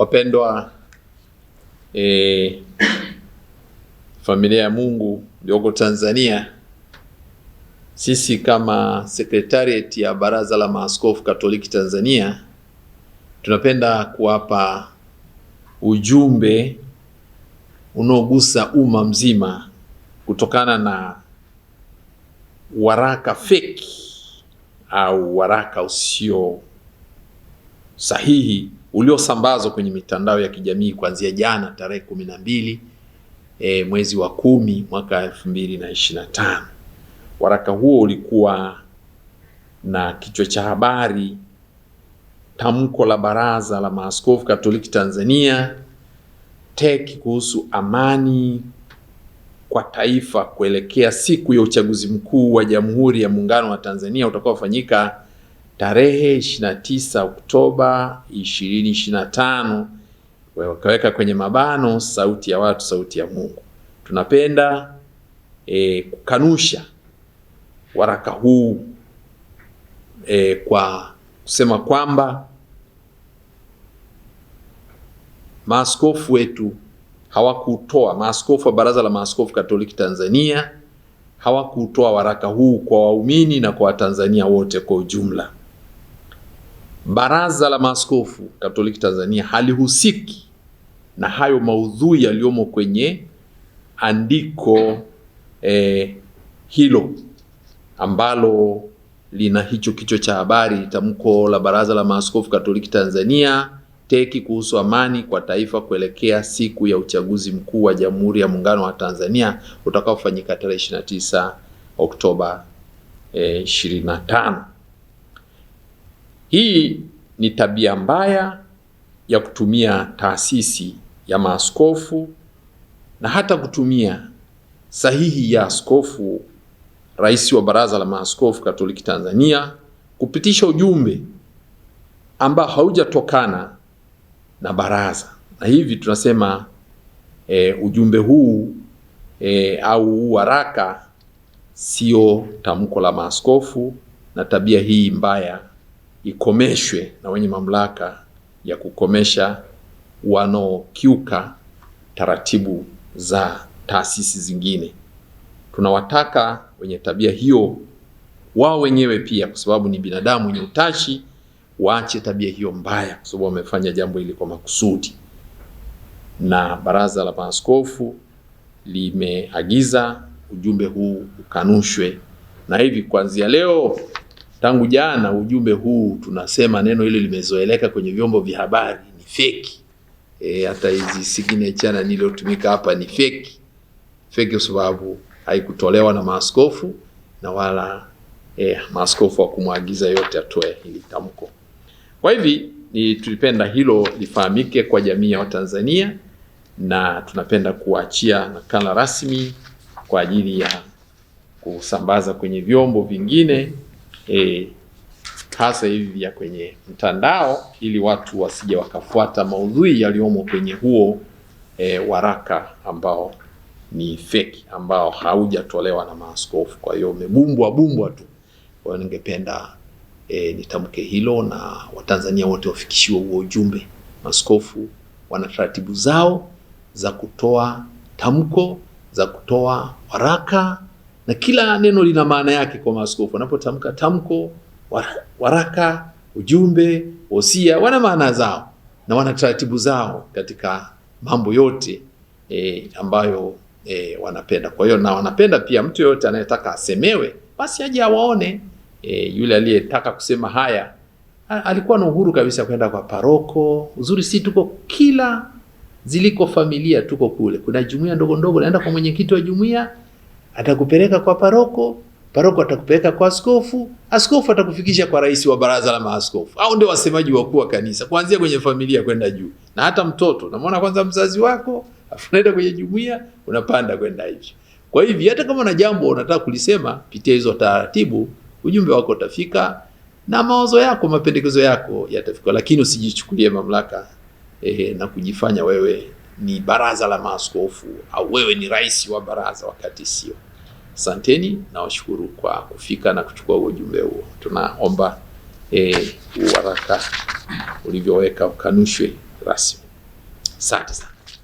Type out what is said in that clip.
Wapendwa e, familia ya Mungu yoko Tanzania, sisi kama sekretarieti ya Baraza la Maaskofu Katoliki Tanzania tunapenda kuwapa ujumbe unaogusa umma mzima kutokana na waraka feki au waraka usio sahihi uliosambazwa kwenye mitandao ya kijamii kuanzia jana tarehe kumi na mbili e, mwezi wa kumi mwaka elfu mbili na ishirini na tano. Waraka huo ulikuwa na kichwa cha habari tamko la Baraza la Maaskofu Katoliki Tanzania TEC kuhusu amani kwa taifa kuelekea siku ya uchaguzi mkuu wa Jamhuri ya Muungano wa Tanzania utakaofanyika tarehe 29 Oktoba 2025 wakaweka kwenye mabano sauti ya watu, sauti ya Mungu. Tunapenda e, kukanusha waraka huu e, kwa kusema kwamba maaskofu wetu hawakutoa, maaskofu wa Baraza la Maaskofu Katoliki Tanzania hawakutoa waraka huu kwa waumini na kwa Watanzania wote kwa ujumla. Baraza la Maaskofu Katoliki Tanzania halihusiki na hayo maudhui yaliyomo kwenye andiko eh, hilo ambalo lina hicho kichwa cha habari, tamko la Baraza la Maaskofu Katoliki Tanzania teki kuhusu amani kwa taifa kuelekea siku ya uchaguzi mkuu wa Jamhuri ya Muungano wa Tanzania utakaofanyika tarehe 29 Oktoba eh, 25. Hii ni tabia mbaya ya kutumia taasisi ya maaskofu na hata kutumia sahihi ya askofu, rais wa Baraza la Maaskofu Katoliki Tanzania, kupitisha ujumbe ambao haujatokana na baraza, na hivi tunasema e, ujumbe huu e, au waraka sio tamko la maaskofu, na tabia hii mbaya ikomeshwe na wenye mamlaka ya kukomesha wanaokiuka taratibu za taasisi zingine. Tunawataka wenye tabia hiyo wao wenyewe pia, kwa sababu ni binadamu wenye utashi, waache tabia hiyo mbaya, kwa sababu wamefanya jambo hili kwa makusudi. Na baraza la maaskofu limeagiza ujumbe huu ukanushwe, na hivi kuanzia leo Tangu jana ujumbe huu tunasema neno hili limezoeleka kwenye vyombo vya habari ni feki. E, hata hizi signature na niliyotumika hapa ni feki. Feki kwa sababu haikutolewa na maaskofu na wala e, maaskofu kumwagiza yote atoe hili tamko. Kwa hivi ni tulipenda hilo lifahamike kwa jamii ya Watanzania na tunapenda kuachia nakala rasmi kwa ajili ya kusambaza kwenye vyombo vingine eh, hasa hivi vya kwenye mtandao ili watu wasije wakafuata maudhui yaliyomo kwenye huo e, waraka ambao ni feki ambao haujatolewa na maaskofu. Kwa hiyo umebumbwa bumbwa tu. Kwa ningependa e, nitamke hilo na Watanzania wote wafikishiwe huo ujumbe. Maaskofu wana taratibu zao za kutoa tamko, za kutoa waraka na kila neno lina maana yake kwa maaskofu wanapotamka tamko, waraka, ujumbe, wosia, wana maana zao na wana taratibu zao katika mambo yote e, ambayo e, wanapenda. Kwa hiyo na wanapenda pia mtu yoyote anayetaka asemewe basi aje awaone. E, yule aliyetaka kusema haya alikuwa na uhuru kabisa kwenda kwa paroko. Uzuri si tuko kila ziliko familia, tuko kule, kuna jumuiya ndogo ndogo, naenda kwa mwenyekiti wa jumuiya atakupeleka kwa paroko, paroko atakupeleka kwa askofu, askofu atakufikisha kwa rais wa baraza la maaskofu, au ndio wasemaji wakuu wa kanisa, kuanzia kwenye familia kwenda juu. Na hata mtoto unamwona kwanza mzazi wako, afu unaenda kwenye jumuiya, unapanda kwenda hivi. Kwa hivyo hata kama na jambo unataka kulisema, pitia hizo taratibu, ujumbe wako utafika na mawazo yako, mapendekezo yako yatafika, lakini usijichukulie mamlaka ehe, na kujifanya wewe ni baraza la maaskofu au wewe ni rais wa baraza wakati sio. Asanteni na washukuru kwa kufika na kuchukua ujumbe huo. Tunaomba waraka e, ulivyoweka ukanushwe rasmi. Asante sana.